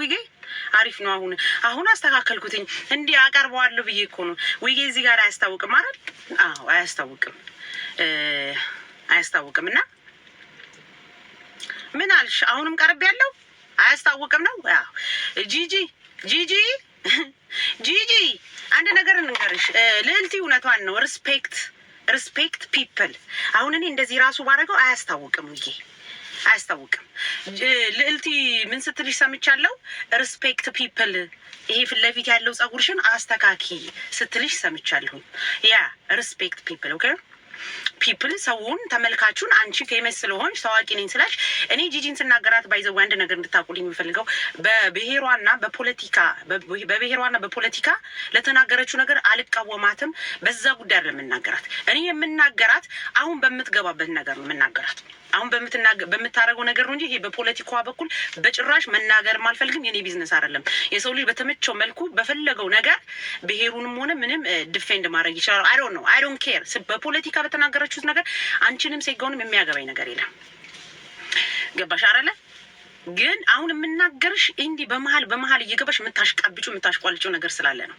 ዊጌ አሪፍ ነው። አሁን አሁን አስተካከልኩትኝ። እንዲህ አቀርበዋለሁ ብዬ እኮ ነው። ዊጌ እዚህ ጋር አያስታውቅም አይደል? አዎ አያስታውቅም፣ አያስታውቅም። እና ምን አልሽ? አሁንም ቀርብ ያለው አያስታውቅም ነው። ጂጂ ጂጂ ጂጂ አንድ ነገር እንንገርሽ፣ ልዕልቲ እውነቷን ነው። ሪስፔክት ሪስፔክት ፒፕል። አሁን እኔ እንደዚህ ራሱ ባደረገው አያስታውቅም ዊጌ አያስታውቅም። ልዕልቲ ምን ስትልሽ ሰምቻለሁ? ሪስፔክት ፒፕል፣ ይሄ ፊት ለፊት ያለው ጸጉርሽን አስተካኪ ስትልሽ ሰምቻለሁ። ያ ሪስፔክት ፒፕል ኦኬ ፒፕል ሰውን ተመልካቹን አንቺ ፌመስ ስለሆንሽ ታዋቂ ነኝ ስላሽ እኔ ጂጂን ስናገራት ባይዘ አንድ ነገር እንድታቁል የሚፈልገው በብሔሯና በፖለቲካ በብሔሯና በፖለቲካ ለተናገረችው ነገር አልቃወማትም። በዛ ጉዳይ ለምናገራት እኔ የምናገራት አሁን በምትገባበት ነገር ነው የምናገራት። አሁን በምታደረገው ነገር ነው እንጂ ይሄ በፖለቲካዋ በኩል በጭራሽ መናገርም አልፈልግም። የኔ ቢዝነስ አይደለም። የሰው ልጅ በተመቸው መልኩ በፈለገው ነገር ብሄሩንም ሆነ ምንም ዲፌንድ ማድረግ ይችላል። አይ ዶንት ኖ አይ ዶንት ኬር። በፖለቲካ በተናገረችሁት ነገር አንቺንም ሴጋውንም የሚያገባኝ ነገር የለም። ገባሽ አይደለ? ግን አሁን የምናገርሽ እንዲህ በመሀል በመሀል እየገባሽ የምታሽቃብጩ የምታሽቋልጩ ነገር ስላለ ነው።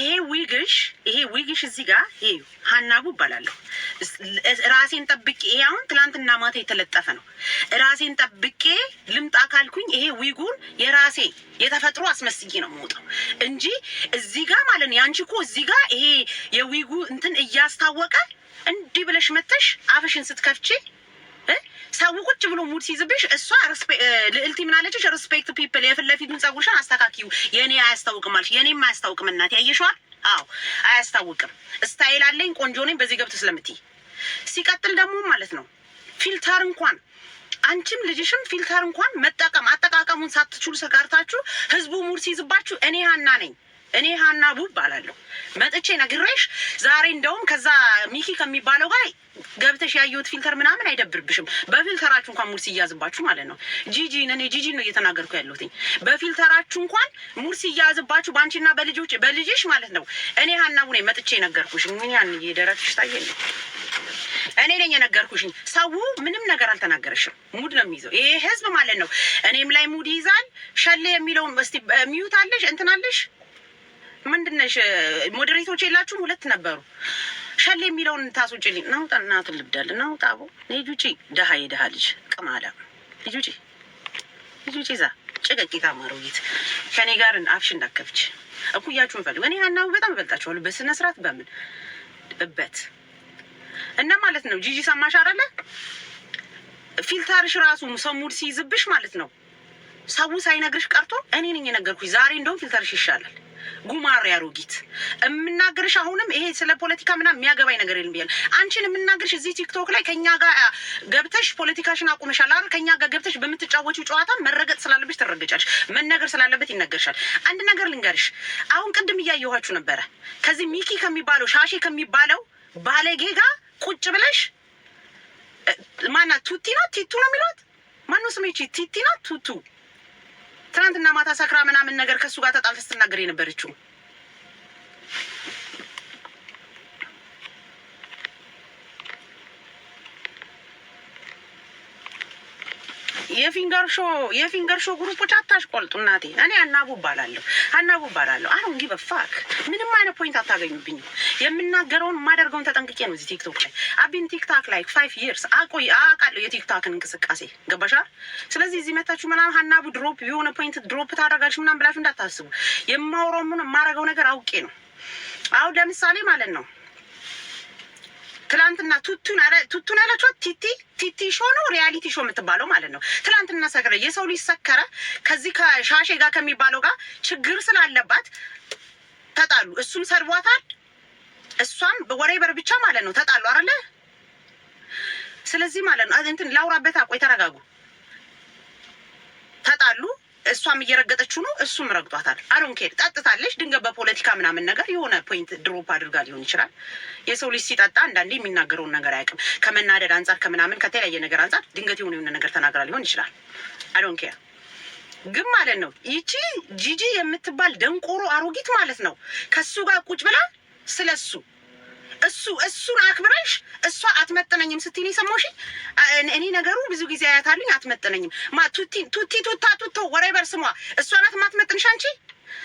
ይሄ ዊግሽ ይሄ ዊግሽ እዚህ ጋር ይሄ ሀናቡ እባላለሁ። ራሴን ጠብቄ ይሄ አሁን ትላንትና ማታ የተለጠፈ ነው። ራሴን ጠብቄ ልምጣ ካልኩኝ ይሄ ዊጉን የራሴ የተፈጥሮ አስመስዬ ነው የምወጣው እንጂ እዚህ ጋር ማለት ነው። ያንቺ እኮ እዚህ ጋር ይሄ የዊጉ እንትን እያስታወቀ እንዲህ ብለሽ መተሽ አፍሽን ስትከፍቼ ሰው ቁጭ ብሎ ሙድ ሲይዝብሽ እሷ ልዕልቲ ምናለችሽ? ሪስፔክት ፒፕል፣ የፊት ለፊቱን ጸጉርሽን አስተካክዩ። የኔ አያስታውቅም አልሽ። የኔም አያስታውቅም እናት ያየሸዋል። አዎ አያስታውቅም። ስታይል አለኝ፣ ቆንጆ ነኝ፣ በዚህ ገብት ስለምትይ ሲቀጥል ደግሞ ማለት ነው ፊልተር እንኳን አንቺም ልጅሽም ፊልተር እንኳን መጠቀም አጠቃቀሙን ሳትችሉ ሰጋርታችሁ ህዝቡ ሙድ ሲይዝባችሁ እኔ ሀና ነኝ እኔ ሀና ቡ እባላለሁ። መጥቼ ነግሬሽ ዛሬ እንደውም ከዛ ሚኪ ከሚባለው ጋር ገብተሽ ያየሁት ፊልተር ምናምን አይደብርብሽም። በፊልተራችሁ እንኳን ሙርሲ እያዝባችሁ ማለት ነው። ጂጂ እኔ ጂጂ ነው እየተናገርኩ ያለሁትኝ። በፊልተራችሁ እንኳን ሙርሲ እያዝባችሁ በአንቺና በልጆች በልጅሽ ማለት ነው። እኔ ሀና ቡ ነኝ መጥቼ ነገርኩሽ። ምን ያን የደረትሽ ታየ እኔ ነኝ የነገርኩሽኝ። ሰው ምንም ነገር አልተናገረሽም። ሙድ ነው የሚይዘው ይሄ ህዝብ ማለት ነው። እኔም ላይ ሙድ ይይዛል። ሸሌ የሚለውን ስ ሚዩት አለሽ እንትን አለሽ ምንድነሽ? ሞዴሬቶች የላችሁም? ሁለት ነበሩ። ሸል የሚለውን ታስወጪልኝ። ናውጣ እናት ልብዳል ናውጣ ቦ ልጅ ውጪ ደሀ የደሀ ልጅ ቅማለ ልጅ ውጪ ልጅ ውጪ ዛ ጭቀቂታ ማሮጊት ከኔ ጋር አፍሽ እንዳከፍች እኩያችሁን ፈልጉ። እኔ ያናው በጣም እበልጣችኋለሁ በስነ ስርዓት በምን እበት እና ማለት ነው። ጂጂ ሰማሽ አይደለ? ፊልተርሽ ራሱ ሰው ሙድ ሲይዝብሽ ማለት ነው። ሰው ሳይነግርሽ ቀርቶ እኔ ነኝ የነገርኩሽ። ዛሬ እንደውም ፊልተርሽ ይሻላል። ጉማሬ አሮጊት የምናገርሽ አሁንም ይሄ ስለ ፖለቲካ ምናምን የሚያገባኝ ነገር የለም ብያለሁ። አንቺን የምናገርሽ እዚህ ቲክቶክ ላይ ከኛ ጋር ገብተሽ ፖለቲካሽን አቁመሻል አይደል? ከኛ ጋር ገብተሽ በምትጫወቺው ጨዋታ መረገጥ ስላለብሽ ትረገጫለሽ፣ መነገር ስላለበት ይነገርሻል። አንድ ነገር ልንገርሽ፣ አሁን ቅድም እያየኋችሁ ነበረ ከዚህ ሚኪ ከሚባለው ሻሼ ከሚባለው ባለጌ ጋር ቁጭ ብለሽ ማና ቱቲ ናት ቲቱ ነው የሚሏት ማነው ስሜቺ ቲቲ ናት ቱቱ ትናንትና ማታ ሰክራ ምናምን ነገር ከእሱ ጋር ተጣልታ ስትናገር የነበረችው የፊንገር ሾ የፊንገር ሾ ግሩፖች አታሽቆልጡ። እናቴ እኔ አናቡ እባላለሁ፣ አናቡ እባላለሁ። አሁን ጊ በፋክ ምንም አይነት ፖይንት አታገኙብኝ። የምናገረውን የማደርገውን ተጠንቅቄ ነው እዚህ ቲክቶክ ላይ አቢን ቲክታክ ላይ ፋይቭ ይርስ አቆይ አውቃለሁ የቲክታክን እንቅስቃሴ ገባሻ። ስለዚህ እዚህ መታችሁ ምናምን አናቡ ድሮፕ የሆነ ፖይንት ድሮፕ ታደርጋችሁ ምናምን ብላችሁ እንዳታስቡ። የማውራው ምን የማደርገው ነገር አውቄ ነው። አሁን ለምሳሌ ማለት ነው ትላንትና ቱቱን ቱቱን ቲቲ ቲቲ ሾ ነው ሪያሊቲ ሾ የምትባለው ማለት ነው። ትላንትና ሰክረ የሰው ልጅ ሰከረ። ከዚህ ከሻሼ ጋር ከሚባለው ጋር ችግር ስላለባት ተጣሉ። እሱም ሰድቧታል፣ እሷም ወሬ በር ብቻ ማለት ነው ተጣሉ አለ። ስለዚህ ማለት ነው እንትን ላውራበት፣ አቆይ ተረጋጉ፣ ተጣሉ እሷም እየረገጠችው ነው፣ እሱም ረግጧታል። አሮን ኬድ ጠጥታለች። ድንገት በፖለቲካ ምናምን ነገር የሆነ ፖይንት ድሮፕ አድርጋ ሊሆን ይችላል። የሰው ልጅ ሲጠጣ አንዳንዴ የሚናገረውን ነገር አያውቅም። ከመናደድ አንጻር፣ ከምናምን ከተለያየ ነገር አንጻር ድንገት የሆነ የሆነ ነገር ተናግራ ሊሆን ይችላል። አሮን ኬር ግን ማለት ነው ይቺ ጂጂ የምትባል ደንቆሮ አሮጊት ማለት ነው ከሱ ጋር ቁጭ ብላ ስለሱ እሱ እሱን አክብረሽ እሷ አትመጥነኝም ስትል የሰማሽ እኔ ነገሩ ብዙ ጊዜ አያታሉኝ አትመጥነኝም ቱቲ ቱታ ቱቶ ወሬበር ስሟ እሷ ናት ማትመጥንሽ አንቺ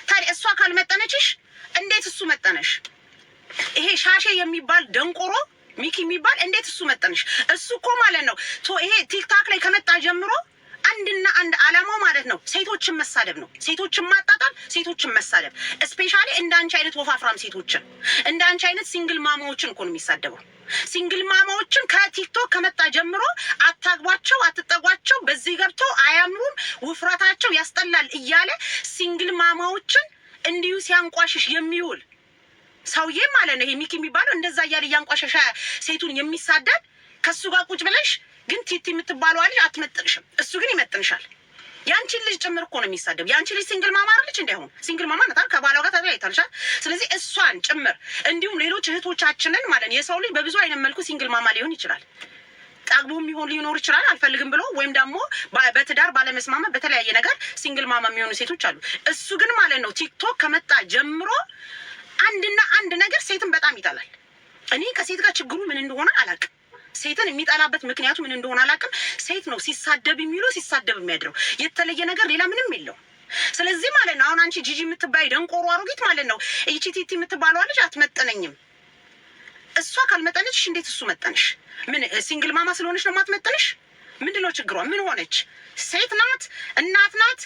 ታዲያ እሷ ካልመጠነችሽ እንዴት እሱ መጠነሽ ይሄ ሻሼ የሚባል ደንቆሮ ሚኪ የሚባል እንዴት እሱ መጠነሽ እሱ እኮ ማለት ነው ይሄ ቲክታክ ላይ ከመጣ ጀምሮ አንድና አንድ አላማው ማለት ነው ሴቶችን መሳደብ ነው። ሴቶችን ማጣጣል፣ ሴቶችን መሳደብ። እስፔሻሊ እንዳንቺ አይነት ወፋፍራም ሴቶችን እንዳንቺ አይነት ሲንግል ማማዎችን እኮ ነው የሚሳደበው። ሲንግል ማማዎችን ከቲክቶክ ከመጣ ጀምሮ አታግቧቸው፣ አትጠጓቸው፣ በዚህ ገብተው አያምሩም፣ ውፍረታቸው ያስጠላል እያለ ሲንግል ማማዎችን እንዲሁ ሲያንቋሽሽ የሚውል ሰውዬ ማለት ነው። ይሄ ሚኪ የሚባለው እንደዛ እያለ እያንቋሸሻ ሴቱን የሚሳደብ ከሱ ጋር ቁጭ ብለሽ ግን ቲቲ የምትባለዋ ልጅ አትመጥንሽም። እሱ ግን ይመጥንሻል። የአንቺን ልጅ ጭምር እኮ ነው የሚሳደብ። የአንቺ ልጅ ሲንግል ማማ አለች እንዲያሁን ሲንግል ማማ ነታል ከባሏ ጋር ተለያይታልሻል። ስለዚህ እሷን ጭምር እንዲሁም ሌሎች እህቶቻችንን ማለት የሰው ልጅ በብዙ አይነት መልኩ ሲንግል ማማ ሊሆን ይችላል። ጠግቦ የሚሆን ሊኖር ይችላል አልፈልግም ብሎ ወይም ደግሞ በትዳር ባለመስማማት በተለያየ ነገር ሲንግል ማማ የሚሆኑ ሴቶች አሉ። እሱ ግን ማለት ነው ቲክቶክ ከመጣ ጀምሮ አንድና አንድ ነገር ሴትን በጣም ይጠላል። እኔ ከሴት ጋር ችግሩ ምን እንደሆነ አላውቅም። ሴትን የሚጠላበት ምክንያቱ ምን እንደሆነ አላውቅም። ሴት ነው ሲሳደብ የሚለው ሲሳደብ የሚያድረው የተለየ ነገር ሌላ ምንም የለው። ስለዚህ ማለት ነው አሁን አንቺ ጂጂ የምትባይ ደንቆሮ አሮጊት ማለት ነው ይቺ ቲቲ የምትባለዋ ልጅ አትመጠነኝም። እሷ ካልመጠነችሽ እንዴት እሱ መጠነሽ? ምን ሲንግል ማማ ስለሆነች ነው ማትመጠንሽ? ምንድነው ችግሯ? ምን ሆነች? ሴት ናት፣ እናት ናት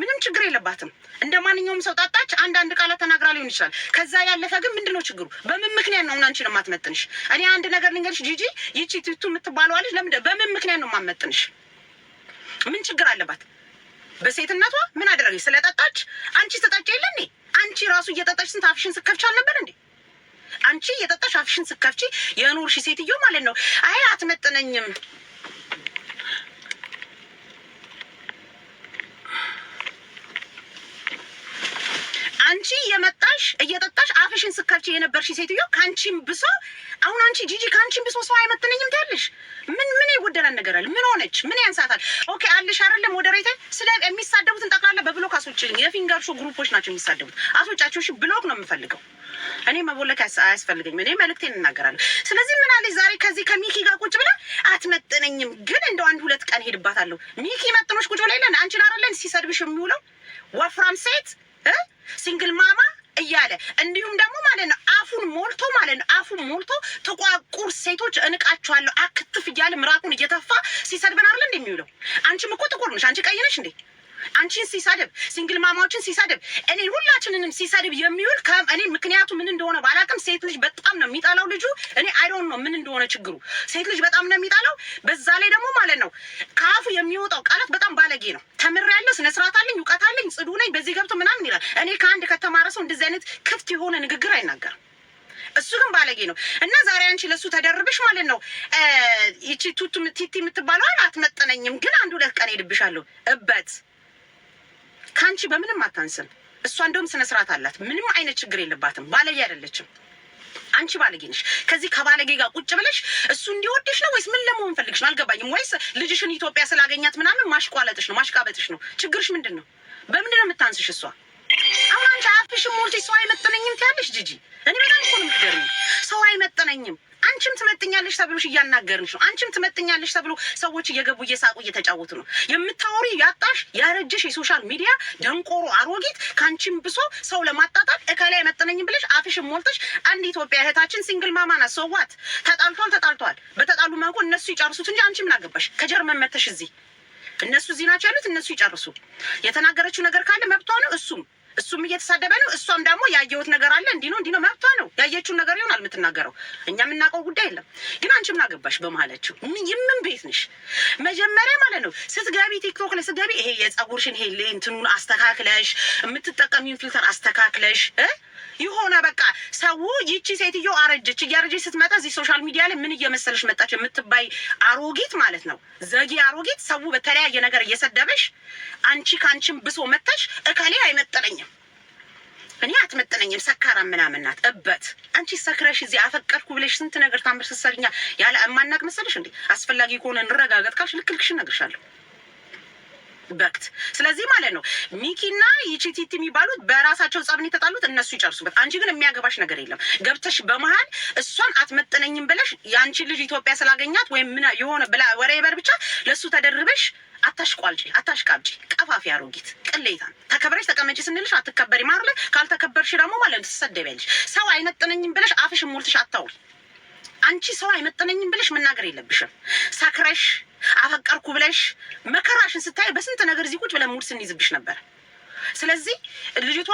ምንም ችግር የለባትም። እንደ ማንኛውም ሰው ጠጣች፣ አንዳንድ ቃላት ተናግራ ሊሆን ይችላል። ከዛ ያለፈ ግን ምንድነው ችግሩ? በምን ምክንያት ነው አንቺን የማትመጥንሽ? እኔ አንድ ነገር ልንገርሽ ጂጂ፣ ይቺ ትቱ የምትባለዋ ልጅ ለምን በምን ምክንያት ነው የማትመጥንሽ? ምን ችግር አለባት? በሴትነቷ ምን አደረገች? ስለጠጣች አንቺ ስጠጭ የለ አንቺ ራሱ እየጠጣች ስንት አፍሽን ስከፍቻ አልነበር እንዴ? አንቺ እየጠጣሽ አፍሽን ስከፍች የኖርሽ ሴትዮ ማለት ነው። አይ አትመጥነኝም አንቺ የመጣሽ እየጠጣሽ አፍሽን ስከርች የነበርሽ ሴትዮ ከአንቺም ብሶ አሁን አንቺ ጂጂ ከአንቺም ብሶ ሰው አይመጥነኝም ትያለሽ። ምን ምን ይጎደላል ነገር አለ ምን ሆነች? ምን ያንሳታል? ኦኬ አለሽ አይደለም ወደሬተ ስለ የሚሳደቡትን ጠቅላላ በብሎክ አስወጪልኝ። የፊንገር ግሩፖች ናቸው የሚሳደቡት፣ አስወጫቸው። ብሎክ ነው የምፈልገው እኔ መቦለክ አያስፈልገኝም። እኔ መልእክቴን እናገራለሁ። ስለዚህ ምን አለች ዛሬ ከዚህ ከሚኪ ጋር ቁጭ ብለ አትመጥነኝም፣ ግን እንደው አንድ ሁለት ቀን ሄድባታለሁ። ሚኪ መጥኖች ቁጭ ብለ የለን አንቺን አረለን ሲሰድብሽ የሚውለው ወፍራም ሴት ሲንግል ማማ እያለ እንዲሁም ደግሞ ማለት ነው አፉን ሞልቶ ማለት ነው አፉን ሞልቶ ጥቋቁር ሴቶች እንቃችኋለሁ አክትፍ እያለ ምራቁን እየተፋ ሲሰድበን አይደል እንደሚውለው። አንቺም እኮ ጥቁር ነሽ፣ አንቺ ቀይ ነሽ እንዴ? አንቺን ሲሰድብ፣ ሲንግል ማማዎችን ሲሰድብ፣ እኔን ሁላችንንም ሲሰድብ የሚውል እኔ ምክንያቱ ምን እንደሆነ ባላቅም ሴት ልጅ በጣም ነው የሚጠላው ልጁ። እኔ አይዶን ነው ምን እንደሆነ ችግሩ። ሴት ልጅ በጣም ነው የሚጠላው። በዛ ላይ ደግሞ ማለት ነው ከአፉ የሚወጣው ቃላት በጣም ባለጌ ነው። ተምሬያለሁ፣ ስነስርዓት አለኝ፣ እውቀት አለኝ፣ ጽዱ ነኝ፣ በዚህ ገብቶ ምናምን ይላል። እኔ ከአንድ ከተማረ ሰው እንደዚህ አይነት ክፍት የሆነ ንግግር አይናገርም። እሱ ግን ባለጌ ነው እና ዛሬ አንቺ ለሱ ተደርብሽ ማለት ነው። ይቺ ቱቱ ቲቲ የምትባለዋን አትመጠነኝም፣ ግን አንድ ሁለት ቀን ሄድብሻለሁ እበት ከአንቺ በምንም አታንስም። እሷ እንደውም ስነ ስርዓት አላት። ምንም አይነት ችግር የለባትም። ባለጌ አይደለችም። አንቺ ባለጌ ነሽ። ከዚህ ከባለጌ ጋር ቁጭ ብለሽ እሱ እንዲወድሽ ነው ወይስ ምን ለመሆን ፈልግሽ ነው? አልገባኝም። ወይስ ልጅሽን ኢትዮጵያ ስላገኛት ምናምን ማሽቋለጥሽ ነው? ማሽቃበጥሽ ነው? ችግርሽ ምንድን ነው? በምንድን ነው የምታንስሽ እሷ? አሁን አንቺ አፍሽን ሞልተሽ ሰው አይመጥነኝም ትያለሽ ጂጂ። እኔ በጣም እኮ ነው የምትገርሚው። ሰው አይመጥነኝም አንቺም ትመጥኛለሽ ተብሎሽ እያናገርንሽ ነው። አንቺም ትመጥኛለሽ ተብሎ ሰዎች እየገቡ እየሳቁ እየተጫወቱ ነው። የምታወሪ ያጣሽ ያረጀሽ የሶሻል ሚዲያ ደንቆሮ አሮጊት ከአንቺም ብሶ ሰው ለማጣጣል እከላይ መጠነኝም ብለሽ አፍሽን ሞልተሽ አንድ ኢትዮጵያ እህታችን ሲንግል ማማና ሰዋት ተጣልቷል ተጣልቷል። በተጣሉ ማንኮ እነሱ ይጨርሱት እንጂ አንቺ ምን አገባሽ? ከጀርመን መተሽ እዚህ እነሱ እዚህ ናቸው ያሉት፣ እነሱ ይጨርሱ። የተናገረችው ነገር ካለ መብቷ ነው እሱም እሱም እየተሳደበ ነው። እሷም ደግሞ ያየሁት ነገር አለ እንዲህ ነው እንዲህ ነው መብቷ ነው። ያየችውን ነገር ይሆናል የምትናገረው። እኛ የምናውቀው ጉዳይ የለም። ግን አንቺ ምን አገባሽ በመሀላችሁ? ቤት ነሽ? መጀመሪያ ማለት ነው ስትገቢ፣ ቲክቶክ ላይ ስትገቢ ይሄ የጸጉርሽን ይሄ እንትኑን አስተካክለሽ የምትጠቀሚውን ፊልተር አስተካክለሽ የሆነ በቃ ሰው ይቺ ሴትዮ አረጀች እያረጀች ስትመጣ እዚህ ሶሻል ሚዲያ ላይ ምን እየመሰለሽ መጣች የምትባይ አሮጊት ማለት ነው። ዘጊ አሮጊት ሰው በተለያየ ነገር እየሰደበሽ አንቺ ከአንቺን ብሶ መጥተሽ እከሌ አይመጠነኝም እኔ አትመጠነኝም ሰካራ ምናምን ናት እበት አንቺ ሰክረሽ እዚህ አፈቀድኩ ብለሽ ስንት ነገር ታምር ስትሰሪኛ ያለ እማናቅ መሰለሽ እንዴ? አስፈላጊ ከሆነ እንረጋገጥ ካልሽ ልክ እነግርሻለሁ። በክት ስለዚህ ማለት ነው ሚኪና ይቺቲቲ የሚባሉት በራሳቸው ጸብን የተጣሉት እነሱ ይጨርሱበት። አንቺ ግን የሚያገባሽ ነገር የለም። ገብተሽ በመሀል እሷን አትመጥነኝም ብለሽ የአንቺ ልጅ ኢትዮጵያ ስላገኛት ወይም ምን የሆነ ብላ ወሬ በር ብቻ ለእሱ ተደርበሽ አታሽቋልጪ፣ አታሽቃብጪ። ቀፋፊ አሮጊት ቅሌታ ተከብረሽ ተቀመጪ ስንልሽ አትከበሪ ላይ ካልተከበርሽ ደግሞ ማለት ነው ትሰደቢያለሽ። ሰው አይመጥነኝም ብለሽ አፍሽ ሞልትሽ አታውል። አንቺ ሰው አይመጥነኝም ብለሽ መናገር የለብሽም። ሰክረሽ አፈቀርኩ ብለሽ መከራሽን ስታይ ነገር እዚህ ቁጭ ብለን ሙድ ስንይዝብሽ ነበር። ስለዚህ ልጅቷ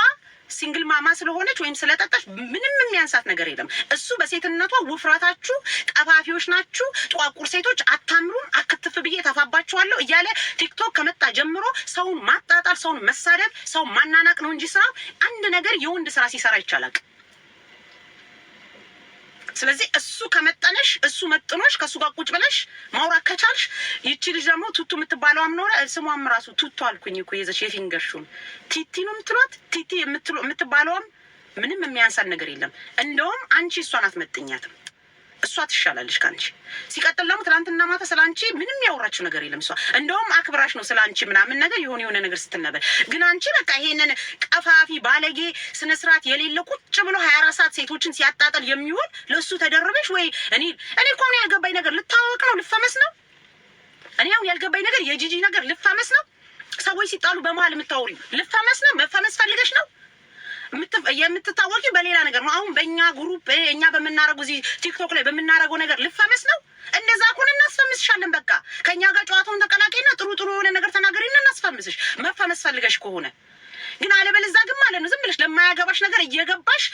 ሲንግል ማማ ስለሆነች ወይም ስለጠጣች ምንም የሚያንሳት ነገር የለም። እሱ በሴትነቷ ውፍረታችሁ ቀፋፊዎች ናችሁ፣ ጠዋቁር ሴቶች አታምሩም፣ አክትፍ ብዬ ተፋባችኋለሁ እያለ ቲክቶክ ከመጣ ጀምሮ ሰውን ማጣጣር፣ ሰውን መሳደብ፣ ሰውን ማናናቅ ነው እንጂ ስራው አንድ ነገር የወንድ ስራ ሲሰራ ይቻላል። ስለዚህ እሱ ከመጠነሽ እሱ መጥኖሽ ከእሱ ጋር ቁጭ ብለሽ ማውራት ከቻልሽ፣ ይቺ ልጅ ደግሞ ቱቱ የምትባለው አምኖረ ስሟም ራሱ ቱቱ አልኩኝ እኮ ይዘሽ የፊንገርሹን ቲቲ ነው የምትሏት። ቲቲ የምትባለውም ምንም የሚያንሳል ነገር የለም። እንደውም አንቺ እሷን መጥኛትም እሷ ትሻላለች ከአንቺ። ሲቀጥል ደግሞ ትናንትና ማታ ስለ አንቺ ምንም ያወራችው ነገር የለም እሷ። እንደውም አክብራሽ ነው ስለ አንቺ ምናምን ነገር የሆነ የሆነ ነገር ስትል ነበር። ግን አንቺ በቃ ይሄንን ቀፋፊ ባለጌ፣ ስነስርዓት የሌለ ቁጭ ብሎ ሀያ አራት ሰዓት ሴቶችን ሲያጣጠል የሚሆን ለእሱ ተደርበሽ ወይ እኔ እኔ እኮ አሁን ያልገባኝ ነገር ልታወቅ ነው ልፈመስ ነው። እኔ አሁን ያልገባኝ ነገር የጂጂ ነገር ልፈመስ ነው። ሰዎች ሲጣሉ በመሀል የምታወሪ ልፈመስ ነው። መፈመስ ፈልገሽ ነው የምትታወቂ በሌላ ነገር ነው። አሁን በእኛ ግሩፕ እኛ በምናረጉ እዚህ ቲክቶክ ላይ በምናረገው ነገር ልፈመስ ነው። እንደዛ ኩን እናስፈምስሻለን። በቃ ከእኛ ጋር ጨዋታውን ተቀላቂና ጥሩ ጥሩ የሆነ ነገር ተናገሪና እናስፈምስሽ። መፈመስ ፈልገሽ ከሆነ ግን አለበለዛ ግን ማለት ነው ዝም ብለሽ ለማያገባሽ ነገር እየገባሽ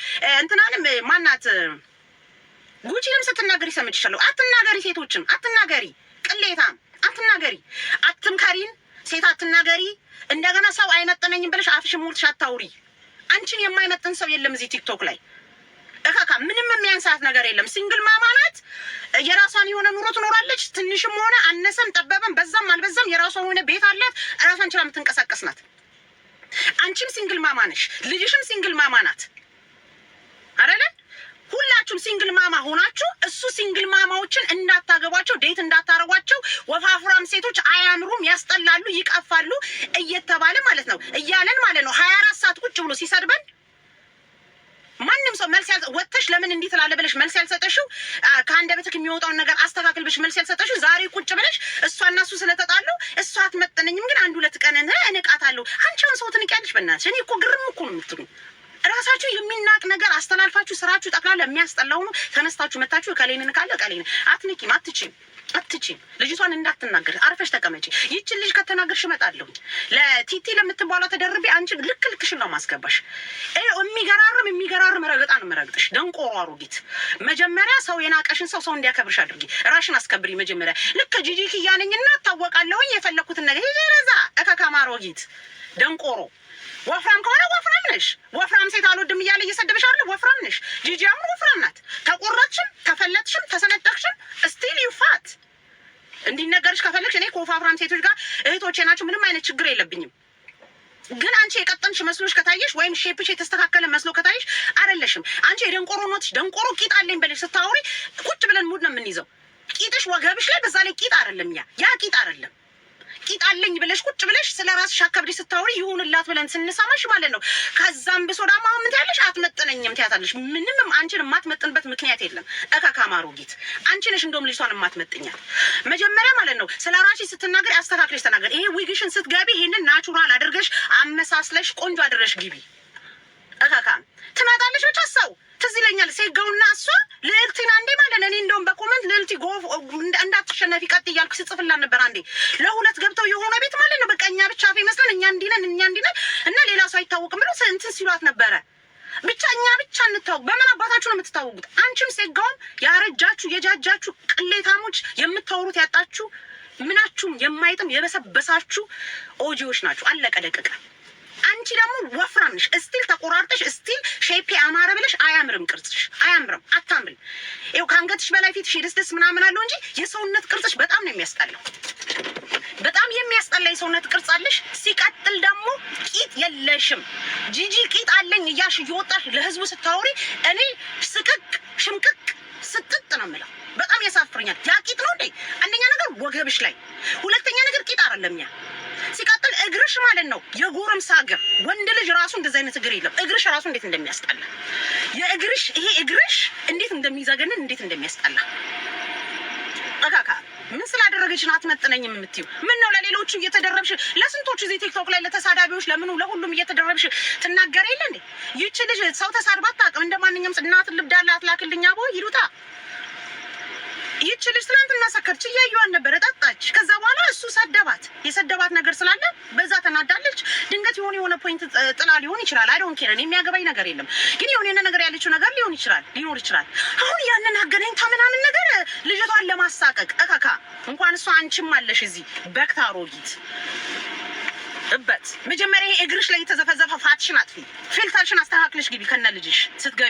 እንትናንም ማናት ጉቺንም ስትናገሪ ሰምቼሻለሁ። አትናገሪ፣ ሴቶችን አትናገሪ፣ ቅሌታም አትናገሪ፣ አትምከሪን፣ ሴት አትናገሪ። እንደገና ሰው አይመጠነኝም ብለሽ አፍሽ ሞልተሽ አታውሪ። አንቺን የማይመጥን ሰው የለም እዚህ ቲክቶክ ላይ እካካ ምንም የሚያንሳት ነገር የለም። ሲንግል ማማ ናት። የራሷን የሆነ ኑሮ ትኖራለች። ትንሽም ሆነ አነሰም ጠበበም በዛም አልበዛም የራሷ የሆነ ቤት አላት። ራሷን ችላ የምትንቀሳቀስ ናት። አንቺም ሲንግል ማማ ነሽ፣ ልጅሽም ሲንግል ማማ ናት አይደለ? ሁላችሁም ሲንግል ማማ ሆናችሁ እሱ ሲንግል ማማዎችን እንዳታገቧቸው፣ ዴት እንዳታረጓቸው። ወፋፍራም ሴቶች አያምሩም፣ ያስጠላሉ፣ ይቀፋሉ እየተባለ ማለት ነው እያለን ማለት ነው ሀያ አራት ሰዓት ቁጭ ብሎ ሲሰድበን ማንም ሰው መልስ ወጥተሽ ለምን እንዲህ ትላለ ብለሽ መልስ ያልሰጠሽው ከአንደበትሽ የሚወጣውን ነገር አስተካክል ብለሽ መልስ ያልሰጠሽው ዛሬ ቁጭ ብለሽ እሷ እና እሱ ስለተጣሉ እሷ አትመጠነኝም፣ ግን አንድ ሁለት ቀን እንቃታለሁ። አንቺ አሁን ሰው ትንቂያለሽ። በእናትሽ እኔ እኮ ግርም እኮ ነው የምትሉኝ። ራሳችሁ የሚናቅ ነገር አስተላልፋችሁ ስራችሁ ጠቅላላ የሚያስጠላው ነው። ተነስታችሁ መታችሁ ከሌንን ካለ ቀሌን አትንኪም፣ አትችም አትችም ልጅቷን እንዳትናገር አርፈሽ ተቀመጪ። ይችን ልጅ ከተናገርሽ እመጣለሁ ለቲቲ ለምትባሏ ተደርቤ አንቺ ልክ ልክሽን ነው ማስገባሽ። የሚገራርም የሚገራርም ረገጣ ነው የምረግጥሽ። ደንቆሮ አሮጊት። መጀመሪያ ሰው የናቀሽን ሰው ሰው እንዲያከብርሽ አድርጊ። ራሽን አስከብሪ መጀመሪያ። ልክ ጂጂክ እያነኝና እና እታወቃለሁኝ የፈለግኩትን ነገር ይዤ ለዛ እከካማ አሮጊት ደንቆሮ ወፍራም ከሆነ ወፍራም ነሽ፣ ወፍራም ሴት አልወድም እያለ እየሰደብሽ አለ። ወፍራም ነሽ። ጂጂ አሁን ወፍራም ናት። ተቆረጥሽም፣ ተፈለጥሽም፣ ተሰነጠቅሽም ስቲል ዩ ፋት። እንዲነገርሽ ከፈለግሽ እኔ ከወፋፍራም ሴቶች ጋር እህቶቼ ናቸው፣ ምንም አይነት ችግር የለብኝም። ግን አንቺ የቀጠንሽ መስሎሽ ከታየሽ ወይም ሼፕሽ የተስተካከለ መስሎ ከታየሽ አይደለሽም። አንቺ የደንቆሮ ኖትሽ ደንቆሮ ቂጥ አለኝ ብለሽ ስታወሪ ቁጭ ብለን ሙድ ነው የምንይዘው። ቂጥሽ ወገብሽ ላይ በዛ ላይ ቂጥ አይደለም ያ ያ ቂጥ አይደለም ቂጥ አለኝ ብለሽ ቁጭ ብለሽ ስለ ራስሽ አከብደሽ ስታወሪ ይሁንላት ብለን ስንሰማሽ ማለት ነው። ከዛም ብሶ ደግሞ አሁን ምን ትያለሽ? አትመጥነኝም ትያታለሽ። ምንም አንቺን የማትመጥንበት ምክንያት የለም። እካካማሮ ጊት አንቺ ነሽ እንደውም ልጅቷን የማትመጥኛት መጀመሪያ ማለት ነው። ስለ ራስሽ ስትናገር አስተካክለሽ ተናገር። ይሄ ዊግሽን ስትገቢ ይሄንን ናቹራል አድርገሽ አመሳስለሽ ቆንጆ አድረሽ ግቢ። እካካም ትመጣለሽ ብቻ ሰው ትዝ ይለኛል ሴጋውና እሷ ልዕልቲን አንዴ ማለት እኔ እንደውም በኮመንት ልዕልቲ ጎፍ እንዳትሸነፊ ቀጥ እያልኩ ስጽፍላን ነበር። አንዴ ለሁለት ገብተው የሆነ ቤት ማለት ነው በቃ እኛ ብቻ ይመስለን እኛ እንዲነን እኛ እንዲነን እና ሌላ ሰው አይታወቅም ብሎ እንትን ሲሏት ነበረ። ብቻ እኛ ብቻ እንታወቅ። በምን አባታችሁ ነው የምትታወቁት? አንቺም ሴጋውም ያረጃችሁ የጃጃችሁ ቅሌታሞች የምታወሩት ያጣችሁ ምናችሁም የማይጥም የበሰበሳችሁ ኦጂዎች ናችሁ። አለቀ ደቀቀ። አንቺ ደግሞ ወፍራም ነሽ እስቲል ተቆራርጠሽ እስቲል ሼፔ አማረ ብለሽ አያምርም፣ ቅርጽሽ አያምርም፣ አታምርም። ይኸው ከአንገትሽ በላይ ፊትሽ የደስደስ ምናምን አለው እንጂ የሰውነት ቅርጽሽ በጣም ነው የሚያስጠላው። በጣም የሚያስጠላ የሰውነት ቅርጽ አለሽ። ሲቀጥል ደግሞ ቂጥ የለሽም። ጂጂ ቂጥ አለኝ እያልሽ እየወጣሽ ለህዝቡ ስታወሪ እኔ ስቅቅ ሽምቅቅ ስጥጥ ነው የምለው። በጣም ያሳፍርኛል። ያ ቂጥ ነው እንዴ? አንደኛ ነገር ወገብሽ ላይ፣ ሁለተኛ ነገር ቂጥ አይደለም ያ ሲቀጥል እግርሽ ማለት ነው የጎረምሳ እግር። ወንድ ልጅ ራሱ እንደዚህ አይነት እግር የለም። እግርሽ ራሱ እንዴት እንደሚያስጠላ የእግርሽ ይሄ እግርሽ እንዴት እንደሚዘገንን እንዴት እንደሚያስጠላ ረጋጋ ምን ናት አትመጥነኝም የምትዩ ምን ነው? ለሌሎቹ እየተደረብሽ ለስንቶቹ እዚህ ቲክቶክ ላይ ለተሳዳቢዎች ለምኑ ለሁሉም እየተደረብሽ ትናገር የለ እንዴ? ይቺ ልጅ ሰው ተሳድባ አታውቅም። እንደ ማንኛውም እናት ልብዳላ አትላክልኛ ቦ ይሉታ ይህች ልጅ ትናንትና ሰከርች፣ እያየዋን ነበረ፣ ጠጣች። ከዛ በኋላ እሱ ሰደባት። የሰደባት ነገር ስላለ በዛ ተናዳለች። ድንገት የሆነ የሆነ ፖይንት ጥላ ሊሆን ይችላል። አይ ኬረን የሚያገባኝ ነገር የለም። ግን የሆነ የሆነ ነገር ያለችው ነገር ሊሆን ይችላል ሊኖር ይችላል። አሁን ያንን አገናኝታ ምናምን ነገር ልጅቷን ለማሳቀቅ እካካ እንኳን እሷ አንቺም አለሽ እዚህ በክታ አሮጊት እበት መጀመሪያ ይሄ እግርሽ ላይ የተዘፈዘፈ ፋትሽን አጥፊ፣ ፊልተርሽን አስተካክልሽ ግቢ ከነ ልጅሽ ስትገቢ